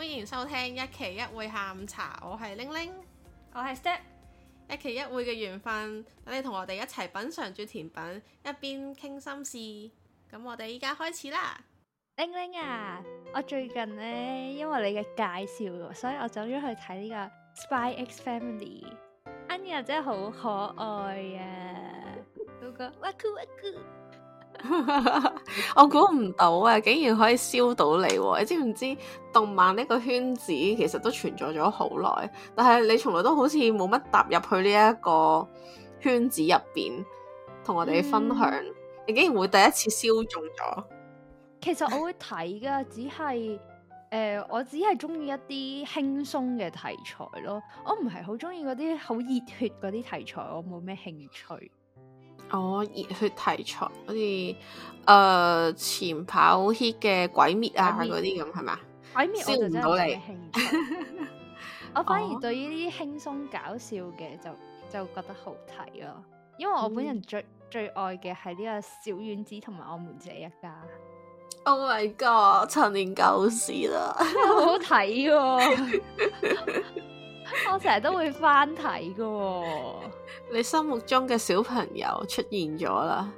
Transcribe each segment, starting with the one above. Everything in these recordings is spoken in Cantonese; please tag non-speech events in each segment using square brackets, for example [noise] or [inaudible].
歡迎收聽一期一會下午茶，我係玲玲，我係 Step，一期一會嘅緣分，等你同我哋一齊品嘗住甜品，一邊傾心事。咁我哋依家開始啦，玲玲啊，我最近呢，因為你嘅介紹，所以我走咗去睇呢個《Spy X Family》，安妮亞真係好可愛啊，嗰個哇酷哇酷。 [laughs] 我估唔到啊！竟然可以燒到你、啊，你知唔知？動漫呢個圈子其實都存在咗好耐，但係你從來都好似冇乜踏入去呢一個圈子入邊，同我哋分享，嗯、你竟然會第一次燒中咗。其實我會睇噶， [laughs] 只係誒、呃，我只係中意一啲輕鬆嘅題材咯。我唔係好中意嗰啲好熱血嗰啲題材，我冇咩興趣。哦，熱血題材，好似誒前跑 hit 嘅鬼滅啊嗰啲咁係嘛？鬼滅，消唔到你。我反而對呢啲輕鬆搞笑嘅就就覺得好睇咯、哦，因為我本人最、嗯、最愛嘅係呢個小丸子同埋我們這一家。Oh my god！陳年舊事啦，好睇喎、哦！ [laughs] [laughs] 我成日都會翻睇噶、哦， [laughs] 你心目中嘅小朋友出現咗啦，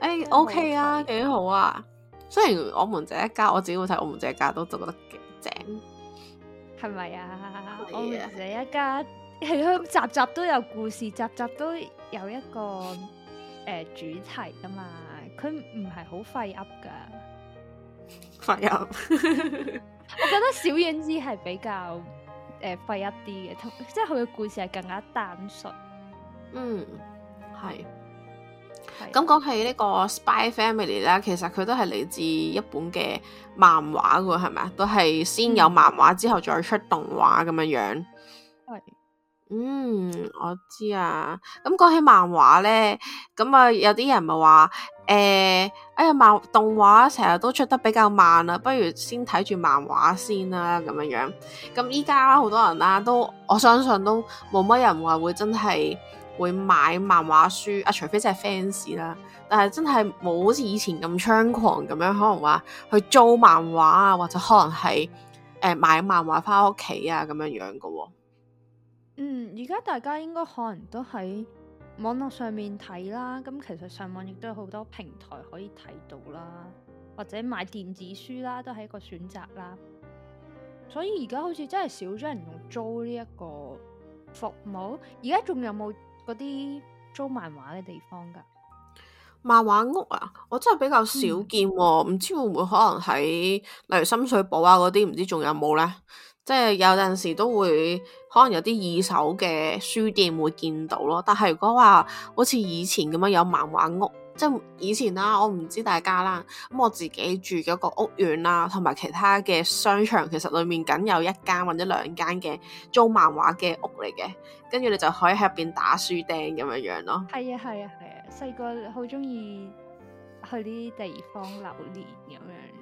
誒、欸、，OK 啊，幾好啊，雖然我們這一家我自己會睇，我們這一家都就覺得幾正，係咪啊？ [laughs] 我們這一家係佢集集都有故事，集集都有一個誒、呃、主題噶嘛，佢唔係好費噏噶，費噏 [laughs] 、呃， [laughs] [laughs] 我覺得小丸子係比較。誒，費一啲嘅，即係佢嘅故事係更加單純。嗯，係。咁講起呢個《Spy Family》咧，其實佢都係嚟自一本嘅漫畫噶，係咪啊？都係先有漫畫之後再出動畫咁樣樣。嗯， [noise] [noise] 我知啊。咁講起漫畫咧，咁啊有啲人咪話。誒，uh, 哎呀，漫動畫成日都出得比較慢啦，不如先睇住漫畫先啦，咁樣樣。咁依家好多人啦、啊，都我相信都冇乜人話會真係會買漫畫書啊，除非 ans, 真係 fans 啦。但係真係冇好似以前咁猖狂咁樣，可能話去租漫畫啊，或者可能係誒、呃、買漫畫返屋企啊，咁樣樣嘅喎。嗯，而家大家應該可能都喺。網絡上面睇啦，咁其實上網亦都有好多平台可以睇到啦，或者買電子書啦，都係一個選擇啦。所以而家好似真係少咗人用租呢一個服務。而家仲有冇嗰啲租漫畫嘅地方噶？漫畫屋啊，我真係比較少見，喎，嗯，唔知會唔會可能喺例如深水埗啊嗰啲，唔知仲有冇呢？即係有陣時都會可能有啲二手嘅書店會見到咯，但係如果話好似以前咁樣有漫畫屋，即係以前啦、啊，我唔知大家啦，咁我自己住嗰個屋苑啦、啊，同埋其他嘅商場，其實裏面僅有一間或者兩間嘅租漫畫嘅屋嚟嘅，跟住你就可以喺入邊打書釘咁樣樣咯。係啊係啊係啊，細個好中意去呢啲地方流連咁樣。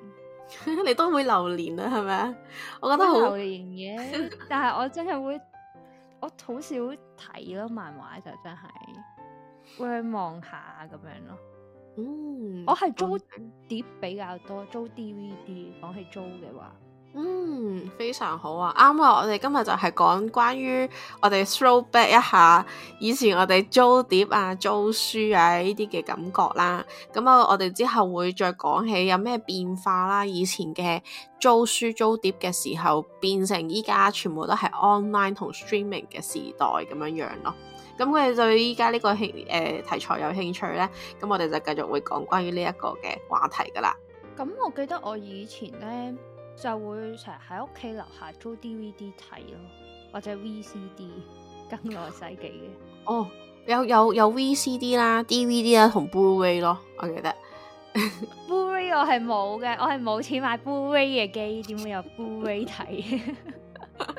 [laughs] 你都會流連啊，係咪啊？我覺得好流連嘅， [laughs] [laughs] 但係我真係會，我好少睇咯漫畫就真係，會去望下咁樣咯。嗯，我係租碟比較多，租 DVD 講起租嘅話。嗯，非常好啊！啱啊，我哋今日就係講關於我哋 throw back 一下以前我哋租碟啊、租書啊呢啲嘅感覺啦。咁啊，我哋之後會再講起有咩變化啦。以前嘅租書、租碟嘅時候，變成依家全部都係 online 同 streaming 嘅時代咁樣樣咯。咁我哋對依家呢個興誒、呃、題材有興趣咧，咁我哋就繼續會講關於呢一個嘅話題噶啦。咁我記得我以前咧。就會成日喺屋企樓下租 DVD 睇咯，或者 VCD 更耐世紀嘅。哦，有有有 VCD 啦，DVD 啦，同 Blu-ray 咯，我記得。 [laughs] Blu-ray 我係冇嘅，我係冇錢買 Blu-ray 嘅機，點會 [laughs] 有 Blu-ray 睇？Ray [laughs]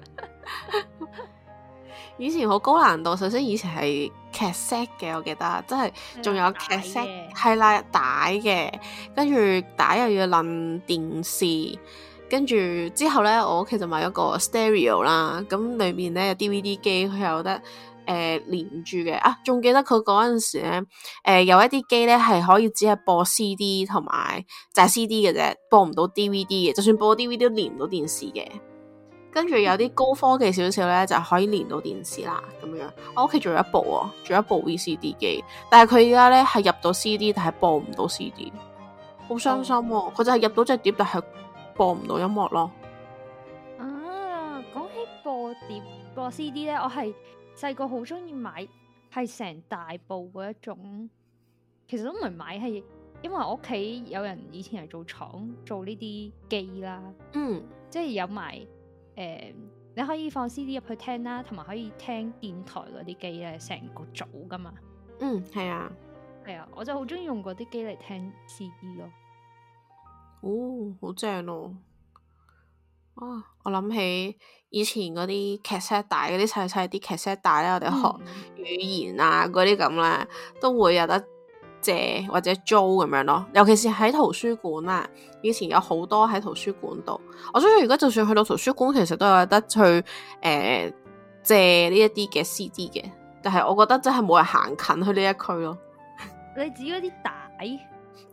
[laughs] 以前好高難度，首先以前係 cassette 嘅，我記得，真係仲的有 cassette 係啦帶嘅的，跟住帶,帶又要諗電視。跟住之後咧，我屋企就買咗個 stereo 啦，咁裏面咧有 DVD 機，佢有得誒、呃、連住嘅啊。仲記得佢講嗰時咧，誒、呃、有一啲機咧係可以只係播 CD 同埋就係、是、CD 嘅啫，播唔到 DVD 嘅。就算播 DVD 都連唔到電視嘅。跟住有啲高科技少少咧，就可以連到電視啦咁樣。我屋企仲有一部仲有一部 VCD 機，但係佢而家咧係入到 CD，但係播唔到 CD，好、嗯、傷心，啊。佢就係入到隻碟，但係。播唔到音樂咯。啊，講起播碟、播 CD 咧，我係細個好中意買，係成大部嗰一種。其實都唔係買，係因為我屋企有人以前係做廠做呢啲機啦。嗯，即係有埋誒、呃，你可以放 CD 入去聽啦，同埋可以聽電台嗰啲機咧，成個組噶嘛。嗯，係啊，係啊，我就好中意用嗰啲機嚟聽 CD 咯。哦，好正咯，哦！啊，我諗起以前嗰啲 cassette 帶，嗰啲細細啲 cassette 帶咧，我哋學語言啊，嗰啲咁咧，都會有得借或者租咁樣咯。尤其是喺圖書館啊，以前有好多喺圖書館度。我相信而家就算去到圖書館，其實都有得去誒、呃、借呢一啲嘅 CD 嘅。但係我覺得真係冇人行近去呢一區咯。你指嗰啲帶？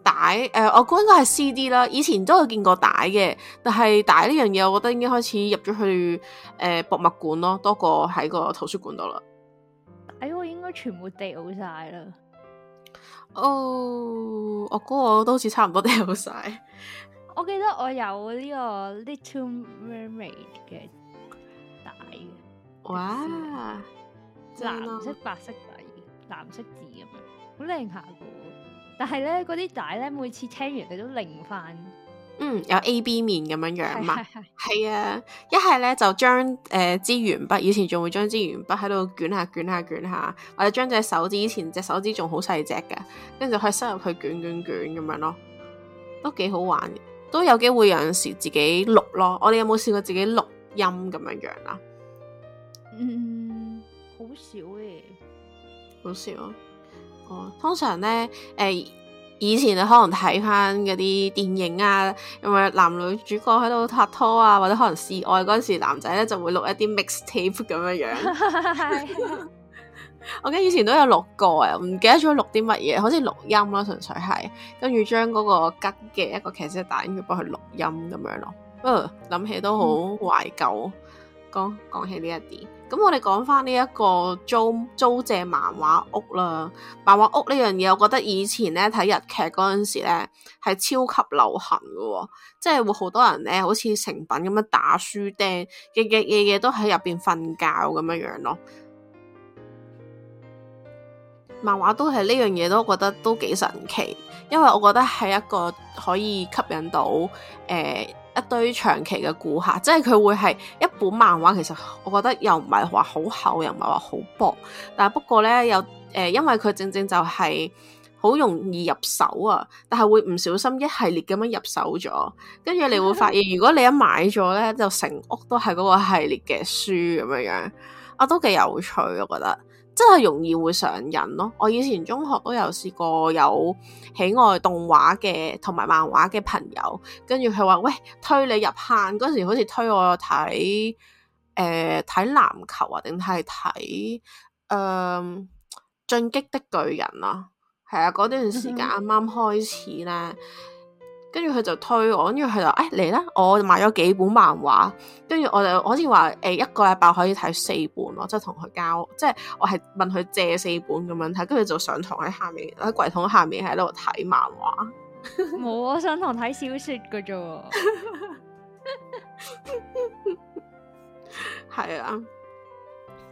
帶誒，帶 uh, 我估應該係 C D 啦。以前都有見過帶嘅，但係帶呢樣嘢，我覺得已經開始入咗去誒、呃、博物館咯，多過喺個圖書館度啦。誒、哎，我應該全部掉晒啦。哦，oh, 我估我都好似差唔多掉晒。 [laughs] 我記得我有呢個 Little Mermaid 嘅帶嘅，哇，啊啊、藍色白色底，藍色字咁樣，好靚下嘅。但係咧，嗰啲帶咧，每次聽完佢都擰翻。嗯，有 A、B 面咁樣樣嘛？係 [laughs] 啊，一係咧就將誒支原筆，以前仲會將支原筆喺度捲下捲下捲下，或者將隻手指，以前隻手指仲好細隻噶，跟住就可以塞入去捲卷捲咁樣咯，都幾好玩，都有機會有陣時自己錄咯。我哋有冇試過自己錄音咁樣樣啊？嗯，好少誒，好少啊。哦，通常咧，誒、呃，以前啊，可能睇翻嗰啲電影啊，咁啊，男女主角喺度拍拖啊，或者可能示愛嗰時，男仔咧就會錄一啲 mix tape 咁樣樣。係啊，我記得以前都有錄過啊，唔記得咗錄啲乜嘢，好似錄音咯，純粹係，跟住將嗰個吉嘅一個 cassette 帶入去錄音咁樣咯。呃、嗯，諗起都好懷舊，講講起呢一點。咁我哋講翻呢一個租租借漫畫屋啦，漫畫屋呢樣嘢，我覺得以前咧睇日劇嗰陣時咧係超級流行嘅，哦，即係會好多人咧好似成品咁樣打書釘，日日夜夜都喺入邊瞓覺咁樣樣，哦，咯。漫畫都係呢樣嘢，都覺得都幾神奇，因為我覺得係一個可以吸引到誒。呃一堆長期嘅顧客，即係佢會係一本漫畫，其實我覺得又唔係話好厚，又唔係話好薄，但係不過咧有誒、呃，因為佢正正就係好容易入手啊，但係會唔小心一系列咁樣入手咗，跟住你會發現如果你一買咗咧，就成屋都係嗰個系列嘅書咁樣樣，啊都幾有趣，我覺得。真係容易會上癮咯！我以前中學都有試過有喜愛動畫嘅同埋漫畫嘅朋友，跟住佢話喂，推你入坑嗰時，好似推我睇誒睇籃球啊，定係睇誒進擊的巨人啊？係啊，嗰段時間啱啱開始咧。跟住佢就推我，跟住佢就誒嚟啦！我買咗幾本漫畫，跟住我就好似話誒一個禮拜可以睇四本咯，即係同佢交，即係我係問佢借四本咁樣睇。跟住就上堂喺下面喺櫃桶下面喺度睇漫畫，冇啊上堂睇小說嘅啫，係 [laughs] [laughs] [laughs] 啊。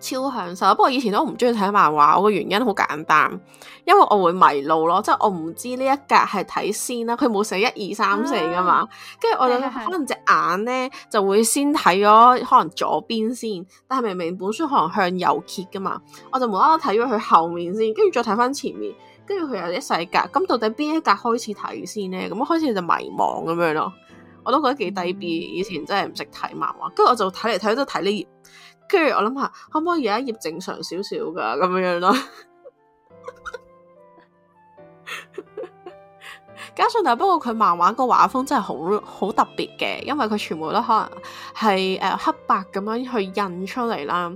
超享受，不過以前都唔中意睇漫畫，我個原因好簡單，因為我會迷路咯，即係我唔知呢一格係睇先啦，佢冇寫一二三四噶嘛，跟住、啊、我諗是可能隻眼咧就會先睇咗可能左邊先，但係明明本書可能向右揭噶嘛，我就無啦啦睇咗佢後面先，跟住再睇翻前面，跟住佢有啲細格，咁到底邊一格開始睇先咧？咁一開始就迷茫咁樣咯，我都覺得幾低 b，嗯、以前真係唔識睇漫畫，跟住我就睇嚟睇去都睇呢跟住我諗下，可唔可以有一頁正常少少噶咁樣樣咯？ [laughs] [laughs] 加上但係，不過佢漫畫個畫風真係好好特別嘅，因為佢全部都可能係誒黑白咁樣去印出嚟啦。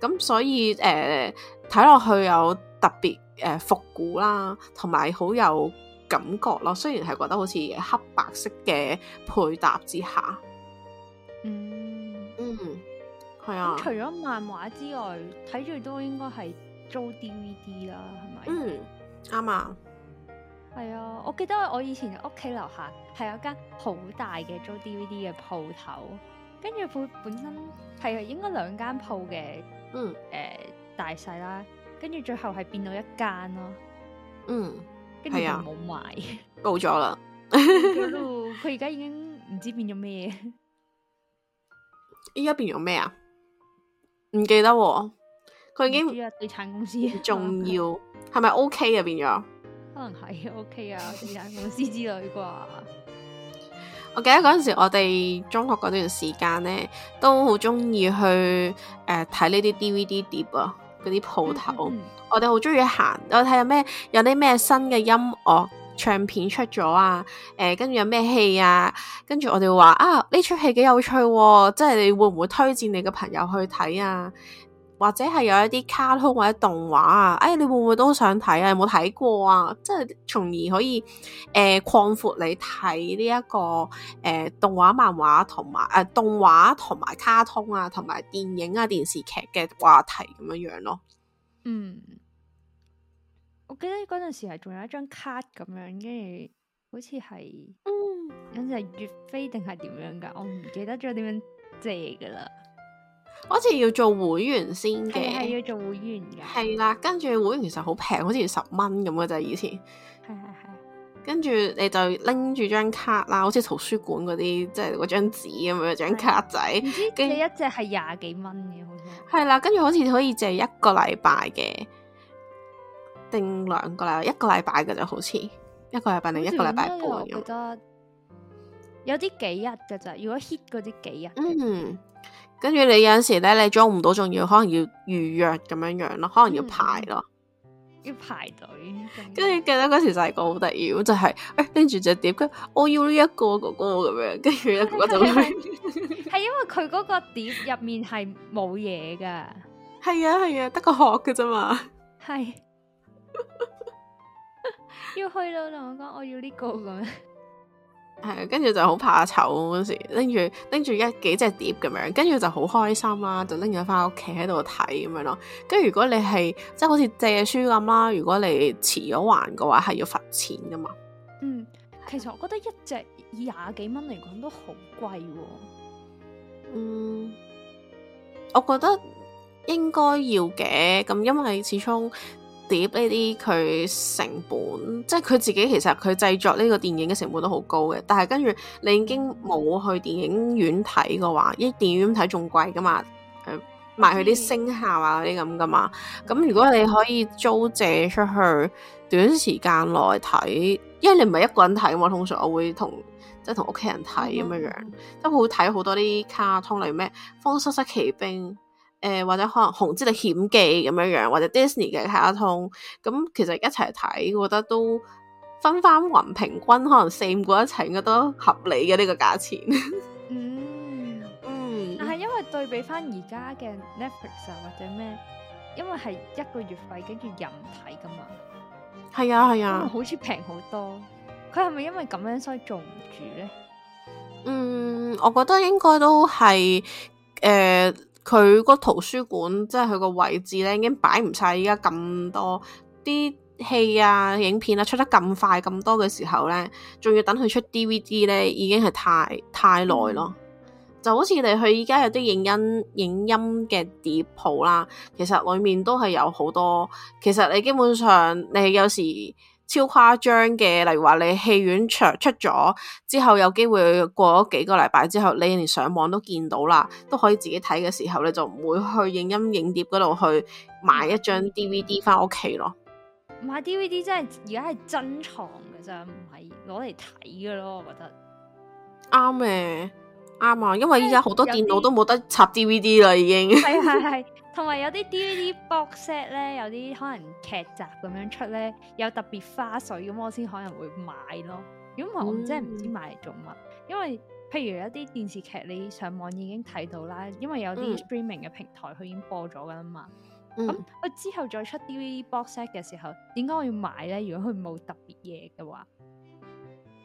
咁所以誒睇落去有特別誒復古啦，同埋好有感覺咯。雖然係覺得好似黑白色嘅配搭之下，嗯。係啊！除咗漫畫之外，睇住都應該係租 DVD 啦，係咪？嗯，啱啊。係啊，我記得我以前屋企樓下係有一間好大嘅租 DVD 嘅鋪頭，跟住本本身係應該兩間鋪嘅，嗯，誒大細啦，跟住最後係變到一間咯，嗯，跟住冇賣，冇咗啦，佢而家已經唔知變咗咩，依家變咗咩啊？唔記得喎，佢已經，地產公司重要係咪 OK 啊？變咗，可能係 OK 啊， [laughs] 地產公司之類啩。我記得嗰陣時，我哋中學嗰段時間咧，都好中意去誒睇、呃、呢啲 DVD 碟啊，嗰啲鋪頭。我哋好中意行，我睇有咩有啲咩新嘅音樂。唱片出咗啊，誒、呃，跟住有咩戲啊？跟住我哋話啊，呢出戲幾有趣喎，即係你會唔會推薦你嘅朋友去睇啊？或者係有一啲卡通或者動畫啊？誒、哎，你會唔會都想睇啊？有冇睇過啊？即係從而可以誒、呃、擴闊你睇呢一個誒、呃、動畫漫畫同埋誒動畫同埋卡通啊，同埋電影啊、電視劇嘅話題咁樣樣咯。嗯。我記得嗰陣時係仲有一張卡咁樣，跟住好似係，有陣係月費定係點樣噶，我唔記得咗點樣借噶啦。我好似要做會員先嘅，係要做會員噶。係、嗯、啦，跟住會員其實好平，好似十蚊咁噶咋，以前。係係係。跟住你就拎住張卡啦，好似圖書館嗰啲，即係嗰張紙咁樣，的張卡仔。知。跟住一隻係廿幾蚊嘅，好似。係的啦，跟住好似可以借一個禮拜嘅，定兩個禮拜，一個禮拜嘅咋，好似一個禮拜定一個禮拜半咁樣，記得有啲幾日嘅咋，如果 hit 嗰啲幾日。嗯，跟住你有陣時咧，你租唔到，仲要可能要預約咁樣樣咯，可能要排咯、嗯，要排隊。跟住記得嗰時就細個好得意，就係、是、誒，拎住隻碟，我要呢、這、一個哥哥咁樣，跟住咧哥哥就係 [laughs] 因為佢嗰個碟入面係冇嘢噶，係啊係啊，得個殼嘅咋嘛，係。 [laughs] [laughs] [laughs] 要去到同我講我要呢個咁，係。跟住就好怕醜嗰時拎住拎住一幾隻碟咁樣，跟住就好開心啦，就拎咗返屋企喺度睇咁樣咯。跟住如果你係即係好似借書咁啦，如果你遲咗還嘅話，係要罰錢噶嘛。嗯，其實我覺得一隻以廿幾蚊嚟講都好貴喎。 [laughs] 嗯，我覺得應該要嘅，咁因為始終。碟呢啲佢成本，即係佢自己，其實佢製作呢個電影嘅成本都好高嘅。但係跟住你已經冇去電影院睇嘅話，依電影院睇仲貴噶嘛？誒、呃、賣佢啲聲效啊嗰啲咁噶嘛。咁如果你可以租借出去，短時間內睇，因為你唔係一個人睇嘛。通常我會同即係同屋企人睇咁樣樣，都會睇好多啲卡通例如咩《荒失失奇兵》。誒、呃，或者可能《熊之歷險記》咁樣樣，或者 Disney 嘅卡通，咁、嗯、其實一齊睇，我覺得都分翻勻平均，可能四五個一齊應該都合理嘅呢、這個價錢。 [laughs] 嗯嗯，但係因為對比翻而家嘅 Netflix 啊，或者咩，因為係一個月費跟住任睇㗎嘛，係啊係啊，啊好似平好多。佢係咪因為咁樣所以做唔住咧？嗯，我覺得應該都係誒。呃佢個圖書館即係佢個位置咧，已經擺唔晒。依家咁多啲戲啊、影片啊出得咁快、咁多嘅時候咧，仲要等佢出 DVD 咧，已經係太太耐咯。就好似你去依家有啲影音、影音嘅碟鋪啦，其實裡面都係有好多，其實你基本上你有時。超誇張嘅，例如話你戲院場出咗之後，有機會過咗幾個禮拜之後，你連上網都見到啦，都可以自己睇嘅時候，你就唔會去影音影碟嗰度去買一張 DVD 返屋企咯。買 DVD 真係而家係珍藏嘅，真唔係攞嚟睇嘅咯，我覺得。啱誒，啱啊，因為依家好多電腦都冇得插 DVD 啦，已經。係係係。同埋有啲 DVD box set 咧，有啲可能劇集咁樣出咧，有特別花絮咁，我先可能會買咯。咁我唔真係唔知買嚟做乜，嗯、因為譬如一啲電視劇你上網已經睇到啦，因為有啲 streaming 嘅平台佢、嗯、已經播咗噶啦嘛。咁、嗯、我之後再出 DVD box set 嘅時候，點解我要買咧？如果佢冇特別嘢嘅話，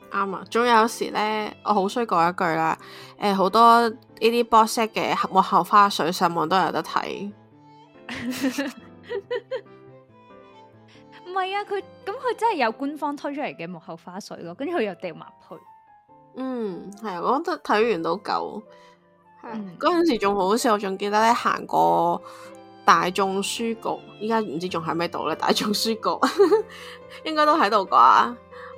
啱啊！仲有時咧，我好衰講一句啦，誒、呃，好多呢啲 box set 嘅幕後花絮上網都有得睇。唔係 [laughs] 啊，佢咁佢真係有官方推出嚟嘅幕後花絮咯，跟住佢又掉埋去。嗯，係，我覺得睇完都夠。嗰陣、嗯、時仲好笑，我仲記得咧，行過大眾書局，依家唔知仲喺咩度咧。大眾書局 [laughs] 應該都喺度啩，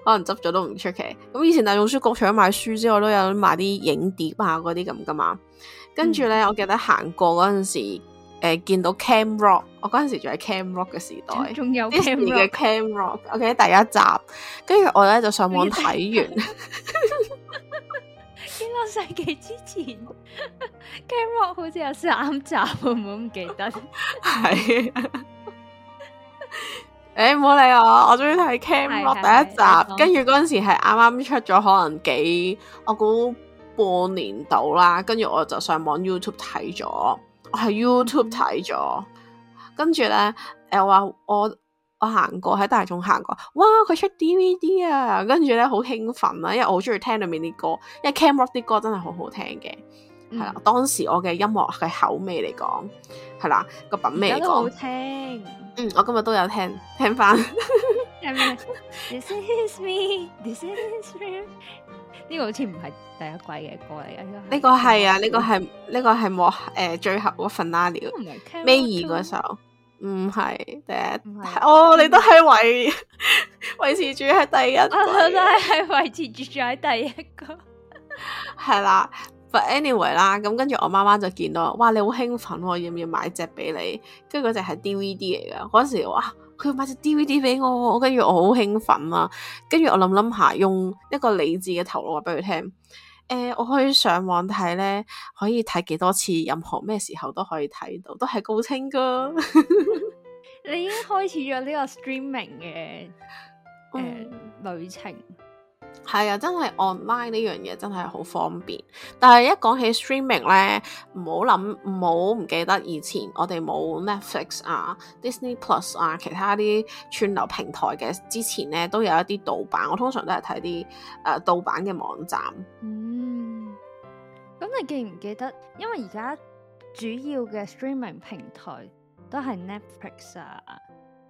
可能執咗都唔出奇。咁以前大眾書局除咗買書之外，都有買啲影碟啊，嗰啲咁噶嘛。跟住咧，嗯、我記得行過嗰陣時。誒、呃、見到 Cam Rock，我嗰陣時仲喺 Cam Rock 嘅時代仲有嘅 Cam Rock，我睇、okay, 第一集，跟住我咧就上網睇完。幾多 [laughs] [laughs] 世紀之前 [laughs] ，Cam Rock 好似有三集，會唔會唔記得。係，誒唔好理我，我中意睇 Cam Rock 第一集，跟住嗰陣時係啱啱出咗，可能幾我估半年度啦，跟住我就上網 YouTube 睇咗。我係 YouTube 睇咗，跟住咧，誒話我我行過喺大眾行過，哇佢出 DVD 啊，跟住咧好興奮啊，因為我好中意聽裏面啲歌，因為 Camp Rock 啲歌真係好好聽嘅，係啦、嗯，當時我嘅音樂嘅口味嚟講，係啦個品味嚟講。我都好聽，嗯，我今日都有聽聽翻 [laughs] like, "This is me, this is me."。呢個好似唔係第一季嘅歌嚟嘅。呢、這個係 [noise] 啊，呢、這個係呢、這個係末誒最後 one finale 尾二嗰首，唔係第一，啊、哦、嗯、你都係維維持住喺第一，我都係維持住住喺第一個，係啦，but anyway 啦，咁跟住我媽媽就見到，哇你好興奮，我要唔要買隻俾你？跟住嗰隻係 DVD 嚟噶，嗰時我。哇佢買隻 D V D 俾我，我跟住我好興奮啊。跟住我諗諗下，用一個理智嘅頭腦話俾佢聽，誒、呃，我可以上網睇咧，可以睇幾多次，任何咩時候都可以睇到，都係高清噶 [laughs] [laughs] 你已經開始咗呢個 streaming 嘅誒、呃 um, 旅程。係啊，真係 online 呢樣嘢真係好方便。但係一講起 streaming 咧，唔好諗，唔好唔記得以前我哋冇 Netflix 啊、Disney Plus 啊，其他啲串流平台嘅之前咧都有一啲盜版。我通常都係睇啲誒盜版嘅網站。嗯，咁你記唔記得？因為而家主要嘅 streaming 平台都係 Netflix 啊、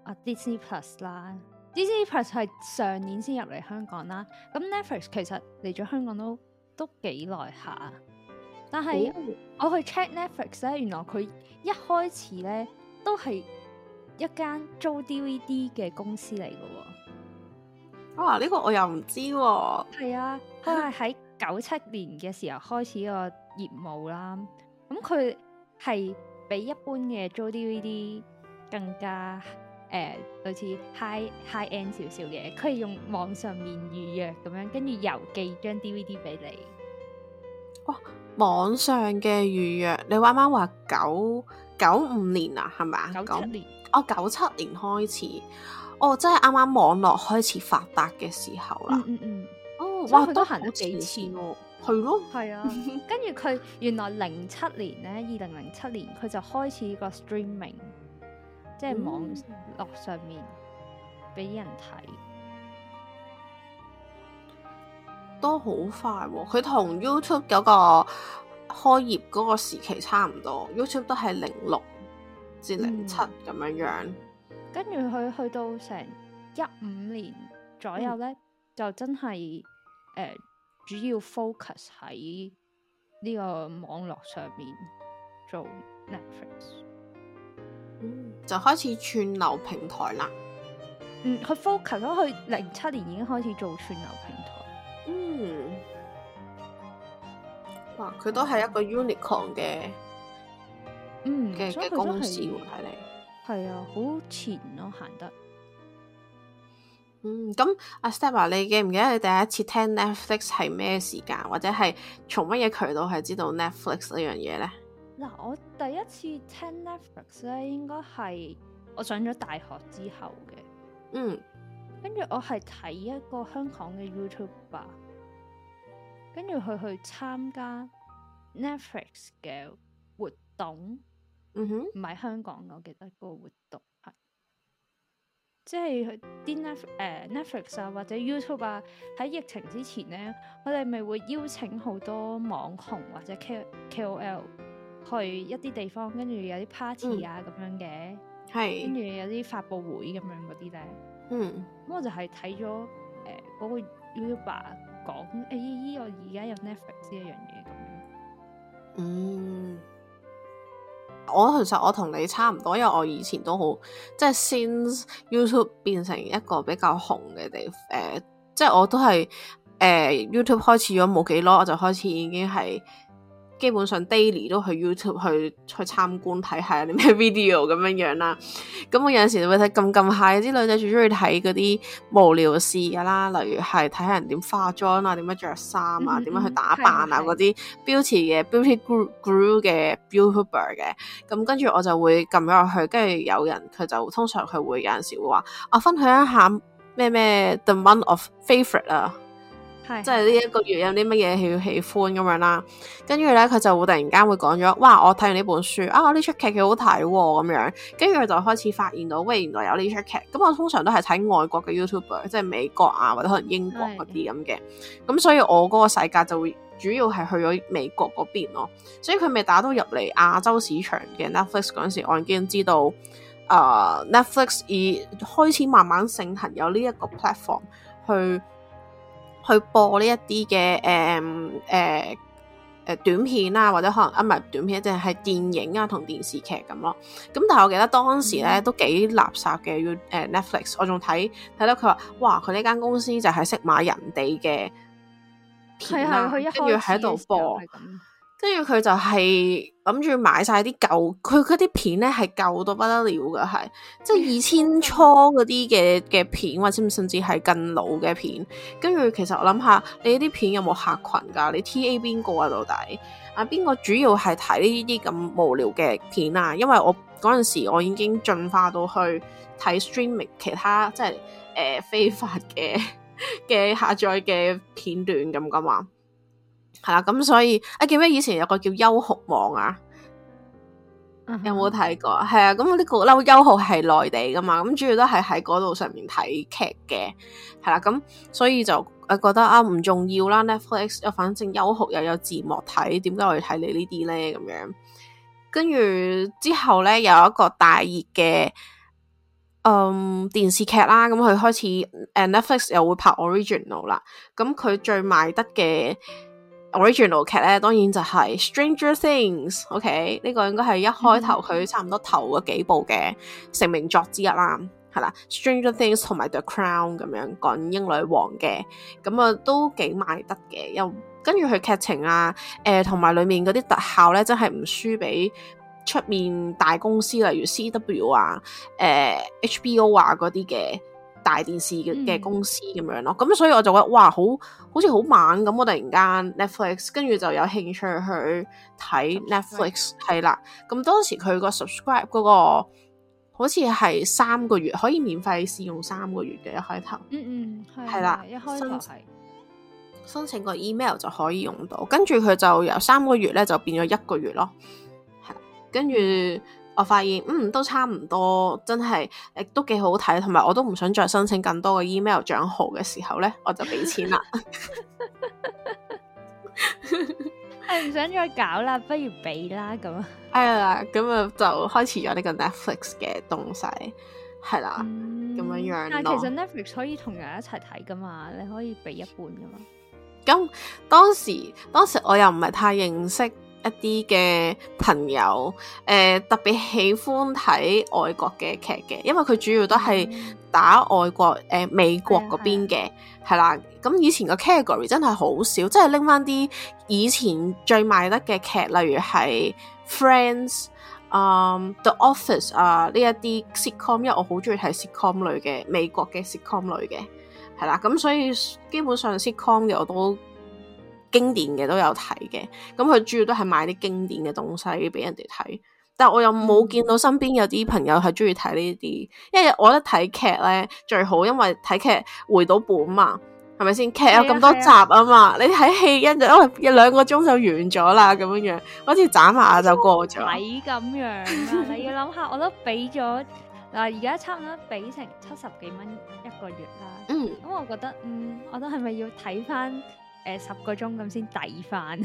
啊 Disney Plus 啦。Disney Plus 係上年先入嚟香港啦，咁 Netflix 其實嚟咗香港都都幾耐下，但係我去 check Netflix 咧，原來佢一開始咧都係一間租 DVD 嘅公司嚟嘅喎。啊，呢個我又唔知喎。係啊，佢係喺九七年嘅時候開始個業務啦。咁佢係比一般嘅租 DVD 更加。誒類似 high end 少少嘅，佢係用網上面預約咁樣，跟住郵寄張 DVD 俾你。哇！網上嘅預約，你啱啱話九九五年啊，係咪？九九年，哦，九七年開始，哦，即係啱啱網絡開始發達嘅時候啦。嗯嗯哦，哇，佢都行咗幾次喎，啊。係咯。係 [laughs] 啊。跟住佢原來零七年咧，二零零七年佢就開始個 streaming。即係網絡上面俾、嗯、人睇，都好快、哦。佢同 YouTube 嗰個開業嗰個時期差唔多，YouTube 都係零六至零七咁樣樣。跟住佢去到成一五年左右咧，嗯、就真係誒、呃、主要 focus 喺呢個網絡上面做 Netflix。嗯、就開始串流平台啦，嗯，佢 focus 咗佢零七年已經開始做串流平台，嗯，哇，佢都係一個 unicorn 嘅，嗯嘅嘅公司喎，睇嚟，係啊，好前咯、啊，行得走，嗯，咁阿 Step 啊你記唔記得你第一次聽 Netflix 係咩時間，或者係從乜嘢渠道係知道 Netflix 呢樣嘢咧？嗱，我第一次聽 Netflix 咧，應該係我上咗大學之後嘅。嗯，跟住我係睇一個香港嘅 YouTube 吧，跟住佢去參加 Netflix 嘅活動。嗯哼，唔係香港，我記得個活動係即係啲 Netflix、呃、Netflix 啊，或者 YouTube 啊。喺疫情之前咧，我哋咪會邀請好多網紅或者 K、KOL。去一啲地方，跟住有啲 party 啊咁、嗯、樣嘅，跟住是有啲發布會咁樣嗰啲咧。嗯，咁我就係睇咗誒嗰個 YouTuber 講誒依、哎哎、我而家有 Netflix 一樣嘢咁樣。嗯，我其實我同你差唔多，因為我以前都好即係 since YouTube 變成一個比較紅嘅地方誒、呃，即係我都係誒、呃、YouTube 開始咗冇幾耐，我就開始已經係。基本上 daily 都去 YouTube 去去參觀睇下啲咩 video 咁樣樣、啊、啦，咁、嗯、我有陣時會睇咁咁下，啲女仔最中意睇嗰啲無聊事噶啦，例如係睇下人點化妝啊，點樣着衫啊，點樣去打扮啊嗰啲 Beauty 嘅 Beauty Guru Guru 嘅 Beautyber 嘅，咁、嗯、跟住我就會撳咗入去，跟住有人佢就通常佢會有陣時會話，我分享一下咩咩 The Month of Favorite 啊。 [noise] [noise] 即係呢一個月有啲乜嘢佢喜歡咁樣啦，跟住咧佢就會突然間會講咗，哇！我睇完呢本書啊，呢出劇幾好睇咁樣，跟住佢就開始發現到，喂，原來有呢出劇。咁、嗯、我通常都係睇外國嘅 YouTuber，即係美國啊或者可能英國嗰啲咁嘅，咁 [noise] 所以我嗰個世界就會主要係去咗美國嗰邊咯。所以佢未打到入嚟亞洲市場嘅 Netflix 嗰陣時，我已經知道，誒、呃、Netflix 已開始慢慢盛行有呢一個 platform 去。去播呢一啲嘅誒誒誒短片啊，或者可能啊唔係短片，就係電影啊同電視劇咁咯、啊。咁但係我記得當時咧、嗯、都幾垃圾嘅，要、呃、Netflix 我。我仲睇睇到佢話，哇！佢呢間公司就係識買人哋嘅、啊，係係佢一開始喺度播。嗯。跟住佢就係諗住買晒啲舊，佢嗰啲片咧係舊到不得了噶，係即係二千初嗰啲嘅嘅片，或者甚至係更老嘅片。跟住其實我諗下，你啲片有冇客群噶？你 T A 邊個啊？到底啊邊個主要係睇呢啲咁無聊嘅片啊？因為我嗰陣時我已經進化到去睇 streaming 其他即係誒、呃、非法嘅嘅 [laughs] 下載嘅片段咁噶嘛。係啦，咁所以啊，記唔記得以前有個叫優酷網啊，嗯、哼有冇睇過？係啊，咁呢個優酷係內地噶嘛，咁主要都係喺嗰度上面睇劇嘅。係啦，咁所以就覺得啊，唔重要啦。Netflix，反正優酷又有字幕睇，點解我要睇你呢啲咧？咁樣跟住之後咧，有一個大熱嘅嗯電視劇啦，咁佢開始誒、啊、Netflix 又會拍 original 啦，咁佢最賣得嘅。original 劇咧，當然就係《Stranger Things》，OK？呢個應該係一開頭佢、嗯、差唔多頭嗰幾部嘅成名作之一啦，係啦，《Stranger Things》同埋《The Crown》咁樣講英女王嘅，咁啊都幾賣得嘅，又跟住佢劇情啊，誒同埋裡面嗰啲特效咧，真係唔輸俾出面大公司，例如 CW 啊、誒、呃、HBO 啊嗰啲嘅大電視嘅公司咁樣咯，咁、嗯、所以我就覺得哇，好！好似好猛咁，我突然間 Netflix，跟住就有興趣去睇 Netflix，係、嗯嗯、啦。咁當時佢個 subscribe 嗰、嗰個，好似係三個月，可以免費試用三個月嘅一開頭。嗯嗯，係啦，一開頭申，申請個 email 就可以用到，跟住佢就由三個月咧就變咗一個月咯。係，跟住、嗯。我發現嗯都差唔多，真係亦都幾好睇，同埋我都唔想再申請更多嘅 email 賬號嘅時候咧，我就俾錢啦。係唔想再搞啦，不如俾啦咁。係啦，咁啊、哎、就開始咗呢個 Netflix 嘅東西，係啦咁、嗯、樣樣、啊、但其實 Netflix 可以同人一齊睇噶嘛，你可以俾一半噶嘛。咁當時當時我又唔係太認識。一啲嘅朋友，誒、呃、特別喜歡睇外國嘅劇嘅，因為佢主要都係打外國，誒、呃、美國嗰邊嘅，係啦、嗯。咁、嗯、的以前個 category 真係好少，即係拎翻啲以前最賣得嘅劇，例如係 Friends、呃、啊 The Office 啊呢一啲 sitcom，因為我好鍾意睇 sitcom 類嘅美國嘅 sitcom 類嘅，係啦。咁所以基本上 sitcom 嘅我都。經典嘅都有睇嘅，咁、嗯、佢主要都係買啲經典嘅東西俾人哋睇，但係我又冇見到身邊有啲朋友係中意睇呢啲，因為我覺得睇劇咧最好，因為睇劇回到本嘛，係咪先？劇有咁多集啊嘛，啊啊你睇戲因就因為有兩個鐘就完咗啦，咁樣樣好似眨下就過咗咪咁樣、啊、你要諗下， [laughs] 我都俾咗嗱，而家差唔多俾成七十幾蚊一個月啦，咁、嗯、我覺得嗯，我都係咪要睇翻？誒、呃、十個鐘咁先抵翻，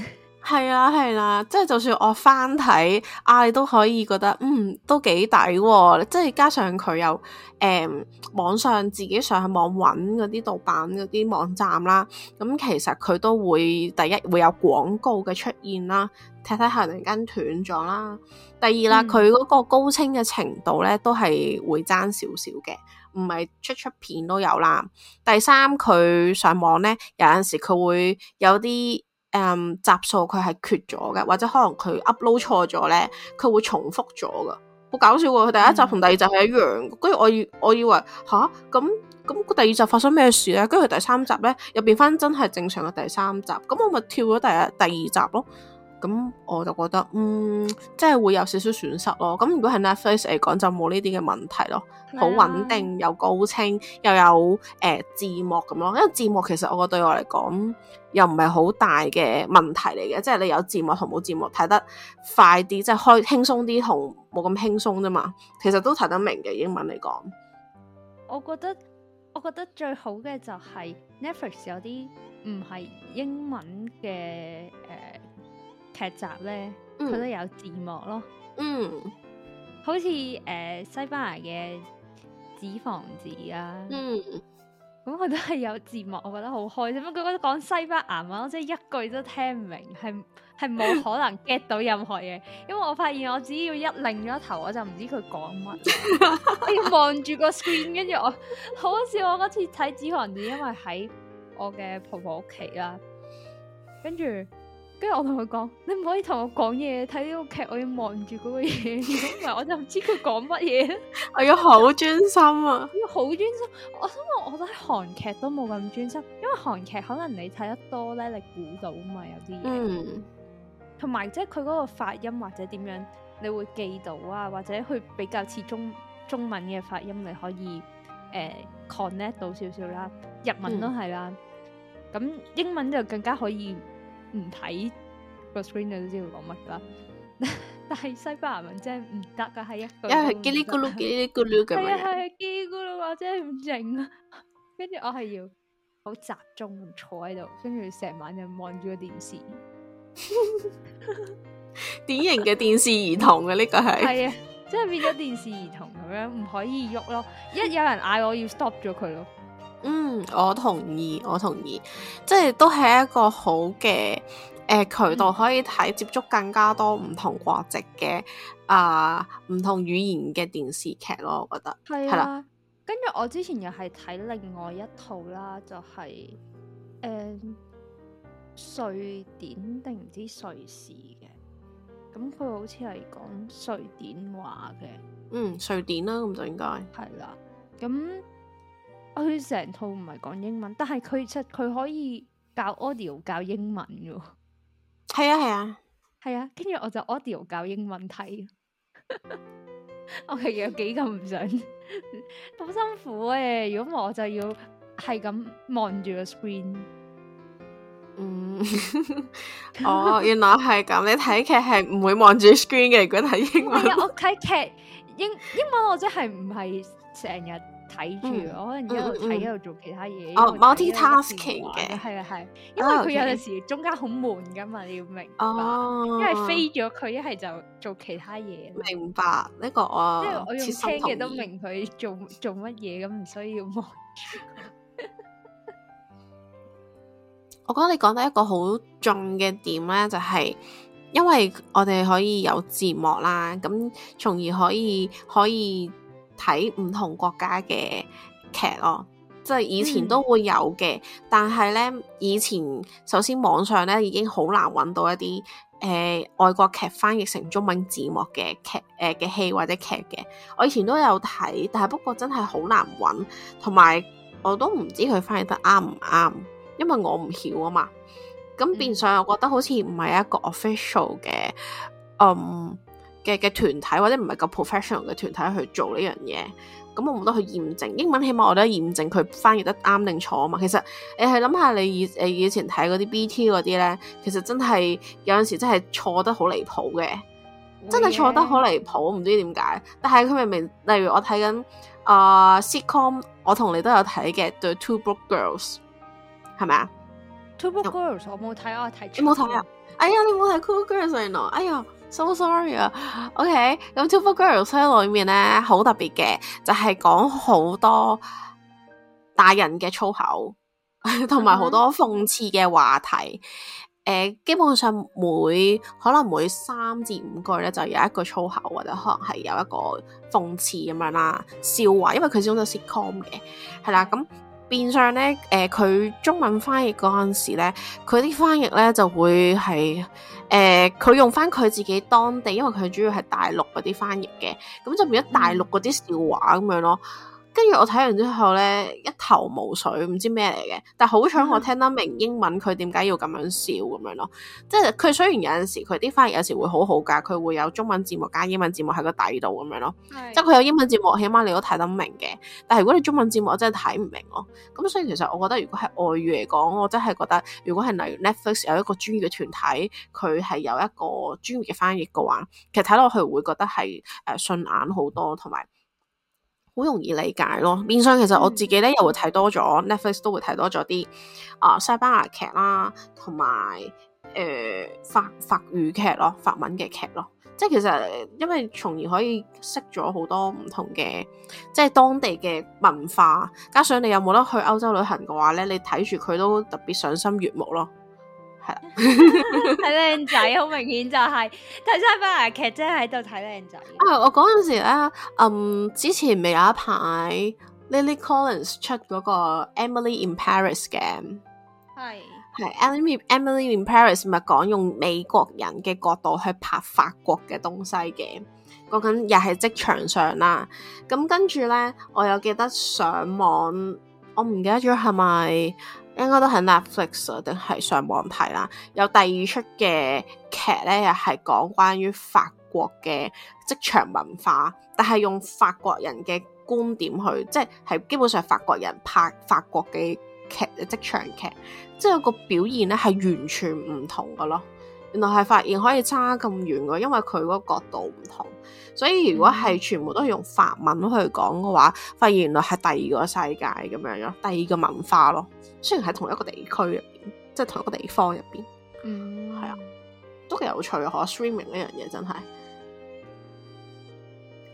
係啦係啦，即係、啊就是、就算我翻睇啊，你都可以覺得嗯都幾抵喎。即係加上佢又誒網上自己上網揾嗰啲盜版嗰啲網站啦，咁其實佢都會第一會有廣告嘅出現啦，睇睇下突然間斷咗啦。第二啦，佢嗰、嗯、個高清嘅程度咧，都係會差少少嘅。唔係出出片都有啦。第三，佢上網咧，有陣時佢會有啲誒、嗯、集數佢係缺咗嘅，或者可能佢 upload 錯咗咧，佢會重複咗噶，好搞笑喎！佢第一集同第二集係一樣，跟住、嗯、我以我以為吓咁咁，第二集發生咩事咧？跟住佢第三集咧，入邊翻真係正常嘅第三集，咁我咪跳咗第一第二集咯。咁我就覺得，嗯，即係會有少少損失咯。咁如果係 Netflix 嚟講，就冇呢啲嘅問題咯，好穩定，又高清，又有誒、呃、字幕咁咯。因為字幕其實我覺得對我嚟講又唔係好大嘅問題嚟嘅，即係你有字幕同冇字幕睇得快啲，即係開輕鬆啲同冇咁輕鬆啫嘛。其實都睇得明嘅英文嚟講，我覺得我覺得最好嘅就係 Netflix 有啲唔係英文嘅誒。呃劇集咧，佢、嗯、都有字幕咯。嗯，好似誒、呃、西班牙嘅《紙房子》啊，咁佢、嗯嗯、都係有字幕，我覺得好開心。不過佢講西班牙文，我真係一句都聽唔明，係係冇可能 get 到任何嘢。因為我發現我只要一擰咗頭，我就唔知佢講乜。 [laughs] [laughs] [laughs] 我要望住個 screen，跟住我好笑。我嗰次睇《紙房子》，因為喺我嘅婆婆屋企啦，跟住。跟住我同佢講，你唔可以同我講嘢，睇呢個劇我要望住嗰個嘢，如果唔係我就唔知佢講乜嘢。我要好專 [laughs] [laughs] 心啊，要好專心。我想話，我睇韓劇都冇咁專心，因為韓劇可能你睇得多咧，你估到啊嘛，有啲嘢。同埋即係佢嗰個發音或者點樣，你會記到啊，或者佢比較似中中文嘅發音，你可以誒、呃、connect 到少少啦。日文都係啦，咁、嗯、英文就更加可以。唔睇個 screen 都知佢講乜噶，但係西班牙文真係唔得噶，係一個，一係嘰哩咕嚕嘰哩咕嚕咁樣，係啊係嘰咕嚕，真係唔靜啊！跟住我係要好集中咁坐喺度，跟住成晚就望住個電視，典型嘅電視兒童啊！呢個係係 [laughs] 啊，即係變咗電視兒童咁樣，唔可以喐咯，一有人嗌我要 stop 咗佢咯。嗯，我同意，我同意，即係都係一個好嘅，誒、呃、渠道，可以睇接觸更加多唔同國籍嘅啊唔同語言嘅電視劇咯，我覺得係、啊、啦。跟住我之前又係睇另外一套啦，就係誒瑞典定唔知瑞士嘅，咁佢好似係講瑞典話嘅，嗯，瑞典，瑞典、嗯、瑞典啦咁就應該係啦，咁、嗯。佢成套唔係講英文，但係佢出佢可以教 audio 教英文嘅，係啊係啊係啊，跟住我就 audio 教英文睇，我其實有幾咁唔準，好辛苦誒！如果唔係我就要係咁望住個 screen。嗯，哦，原來係咁，你睇劇係唔會望住 screen 嘅，如果睇英文。我睇劇英英文，我真係唔係成日。睇住，我可能一路睇，一路做其他嘢。哦，multi-tasking 嘅，係啊係，因為佢有陣時中間好悶噶嘛，你要明白。哦。一係飛咗佢，一係就做其他嘢。明白，呢個啊，因為我用聽嘅都明佢做做乜嘢，咁唔需要望住。我覺得你講得一個好重嘅點咧，就係因為我哋可以有字幕啦，咁從而可以可以。睇唔同國家嘅劇咯，即係以前都會有嘅，嗯、但係咧以前首先網上咧已經好難揾到一啲誒、呃、外國劇翻譯成中文字幕嘅劇誒嘅戲或者劇嘅。我以前都有睇，但係不過真係好難揾，同埋我都唔知佢翻譯得啱唔啱，因為我唔曉啊嘛，咁變相我覺得好似唔係一個 official 嘅，嗯。嗯嘅嘅團體或者唔係夠 professional 嘅團體去做呢樣嘢，咁我冇得去驗證，英文起碼我都驗證佢翻譯得啱定錯啊嘛。其實你係諗下你以誒以前睇嗰啲 BT 嗰啲咧，其實真係有陣時真係錯得好離譜嘅，Yeah. 真係錯得好離譜，唔知點解。但係佢明明，例如我睇緊啊 sitcom、呃、我同你都有睇嘅，對 Two Broke Girls 係咪啊？Two Broke Girls、嗯、我冇睇啊，睇、嗯、你冇睇啊？哎呀，你冇睇 Two Broke Girls 係、right? 哎呀！so sorry 啊，OK，咁 Two Broke Girls 裏面咧好特別嘅，就係、是、講好多大人嘅粗口，同埋好多諷刺嘅話題。誒、呃，基本上每可能每三至五句咧，就有一個粗口，或者可能係有一個諷刺咁樣啦，笑話。因為佢始終都係 sitcom 嘅，係啦咁。變相咧，誒、呃、佢中文翻譯嗰陣時咧，佢啲翻譯咧就會係誒佢用返佢自己當地，因為佢主要係大陸嗰啲翻譯嘅，咁就變咗大陸嗰啲笑話咁樣咯。跟住我睇完之後咧，一頭霧水，唔知咩嚟嘅。但好彩我聽得明英文，佢點解要咁樣笑咁樣咯？即係佢雖然有陣時佢啲翻譯有時會好好㗎，佢會有中文字幕加英文字幕喺個底度咁樣咯。嗯、即係佢有英文字幕，起碼你都睇得明嘅。但係如果你中文字幕，我真係睇唔明咯。咁所以其實我覺得，如果係外語嚟講，我真係覺得，如果係例如 Netflix 有一個專業嘅團體，佢係有一個專業嘅翻譯嘅話，其實睇落去會覺得係誒順眼好多，同埋。好容易理解咯，變相其實我自己咧、嗯、又會睇多咗 Netflix 都會睇多咗啲啊西班牙劇啦，同埋誒法法語劇咯，法文嘅劇咯，即係其實因為從而可以識咗好多唔同嘅即係當地嘅文化，加上你有冇得去歐洲旅行嘅話咧，你睇住佢都特別賞心悅目咯。睇靚 [laughs] 仔，好 [laughs] 明顯就係睇晒返劇，即係喺度睇靚仔。啊，我嗰陣時咧，嗯，之前咪有一排 Lily Collins 出嗰個 Emily in Paris 嘅，係係 Emily Emily in Paris 咪講用美國人嘅角度去拍法國嘅東西嘅，講緊又係職場上啦。咁跟住咧，我有記得上網，我唔記得咗係咪。應該都喺 Netflix 定係上網睇啦。有第二出嘅劇咧，又係講關於法國嘅職場文化，但係用法國人嘅觀點去，即係基本上法國人拍法國嘅劇嘅職場劇，即係個表現咧係完全唔同㗎咯。原來係發現可以差咁遠嘅，因為佢個角度唔同。所以如果係全部都係用法文去講嘅話，發現原來係第二個世界咁樣咯，第二個文化咯。雖然喺同一個地區入邊，即係同一個地方入邊，係啊、嗯，都幾有趣喎！Streaming 呢樣嘢真係、哦嗯，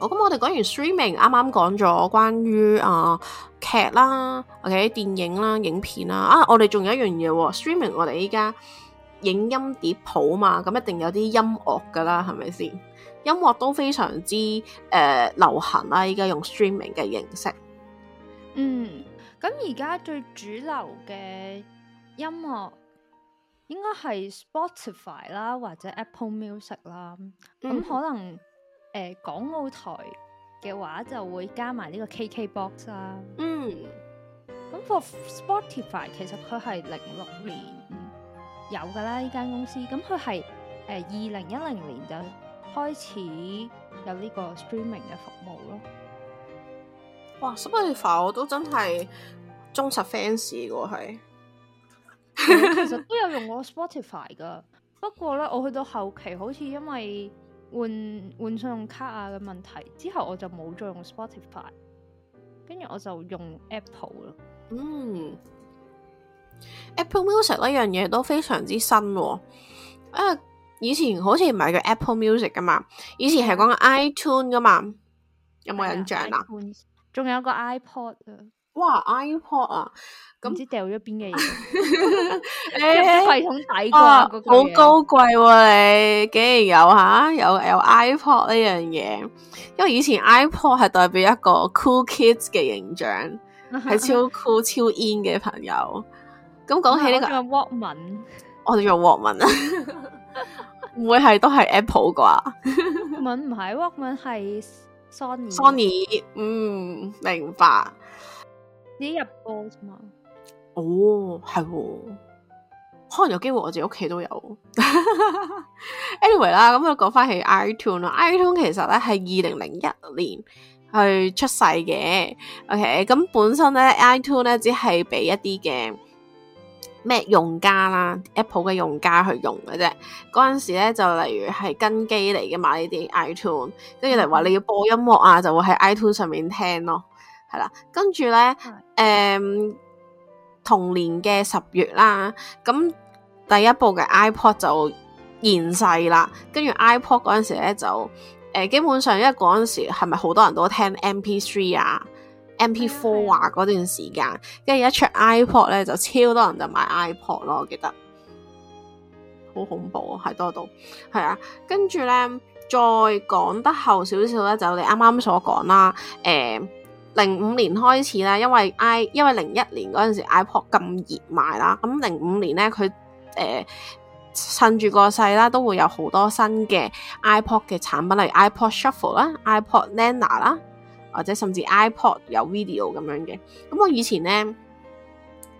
我咁我哋講完 streaming，啱啱講咗關於啊、呃、劇啦，OK 電影啦，影片啦，啊我哋仲有一樣嘢，streaming 我哋依家影音碟譜嘛，咁一定有啲音樂噶啦，係咪先？音樂都非常之誒、呃、流行啦！依家用 streaming 嘅形式，嗯，咁而家最主流嘅音樂應該係 Spotify 啦，或者 Apple Music 啦。咁、嗯、可能誒港、呃、澳台嘅話就會加埋呢個 KKBox 啦，嗯 Spotify。嗯，咁 For Spotify 其實佢係零六年有㗎啦，呢間公司。咁佢係誒二零一零年就開始有呢個 streaming 嘅服務咯。哇，Spotify 我都真係忠實 fans 個係， [laughs] 其實都有用過 Spotify 噶，不過咧我去到後期，好似因為換換信用卡啊嘅問題，之後我就冇再用 Spotify，跟住我就用 Apple 咯。嗯，Apple Music 呢樣嘢都非常之新喎。啊、uh,！以前好似唔係叫 Apple Music 噶嘛，以前係講緊 iTunes 噶嘛，有冇印象啊？仲有個 iPod 啊，哇 iPod 啊，咁唔知掉咗邊嘅嘢，誒，廢桶底啊，那個、啊，好高貴喎、啊、你，竟然有吓、啊、有有 iPod 呢樣嘢，因為以前 iPod 係代表一個 cool kids 嘅形象，係超 cool [laughs] 超 in 嘅朋友。咁講起呢、這個，我哋用 walkman 啊。 [laughs] 唔會係都係 Apple 啩？問唔係，問係 Sony。Sony，嗯，明白。自己入歌啫嘛？哦，係、哦，嗯、可能有機會我自己屋企都有。 [laughs] Anyway 啦、嗯，咁又講翻起 iTunes 咯。iTunes 其實咧係二零零一年去出世嘅。嗯、OK，咁本身咧 iTunes 咧只係俾一啲嘅。咩用家啦，Apple 嘅用家去用嘅啫。嗰陣時咧，就例如係跟機嚟嘅買呢啲 iTune，s 跟住嚟話你要播音樂啊，就會喺 iTune s 上面聽咯，係啦。跟住咧，誒、嗯嗯、同年嘅十月啦，咁第一部嘅 iPod 就現世啦。跟住 iPod 嗰陣時咧，就誒、呃、基本上，因為嗰陣時係咪好多人都聽 MP3 啊？M P four 話嗰段時間，跟住一出 iPod 咧，就超多人就買 iPod 咯，我記得好恐怖，多多啊，係多到係啊！跟住咧，再講得後少少咧，就你啱啱所講啦。誒、呃，零五年開始咧，因為 i 因為零一年嗰陣時 iPod 咁熱賣啦，咁零五年咧，佢誒、呃、趁住個勢啦，都會有好多新嘅 iPod 嘅產品，例如 iPod Shuffle 啦，iPod Nano 啦。或者甚至 iPod 有 video 咁樣嘅，咁我以前咧，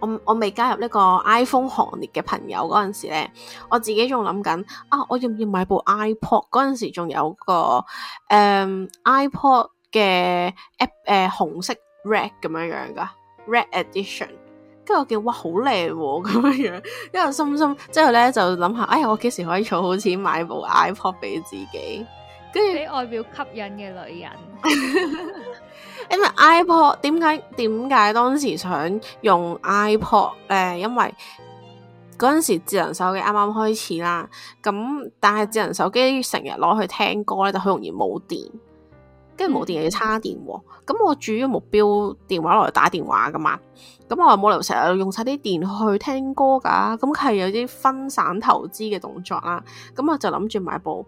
我我未加入呢個 iPhone 行列嘅朋友嗰陣時咧，我自己仲諗緊啊，我要唔要買部 iPod？嗰陣時仲有個誒、嗯、iPod 嘅 app 誒、呃、紅色 Red 咁樣樣噶 Red Edition，跟住我見哇好靚咁樣樣，之、啊、 [laughs] 後心心之後咧就諗下，哎呀我幾時可以儲好錢買部 iPod 俾自己？你外表吸引嘅女人 [laughs] [laughs] iPod，因為 iPod 點解點解當時想用 iPod 咧？因為嗰陣時智能手機啱啱開始啦，咁但係智能手機成日攞去聽歌咧，就好容易冇電。跟住冇電又要叉電喎，咁我主要目標電話落嚟打電話噶嘛，咁我又冇理由成日用晒啲電去聽歌噶，咁佢係有啲分散投資嘅動作啦，咁我就諗住買部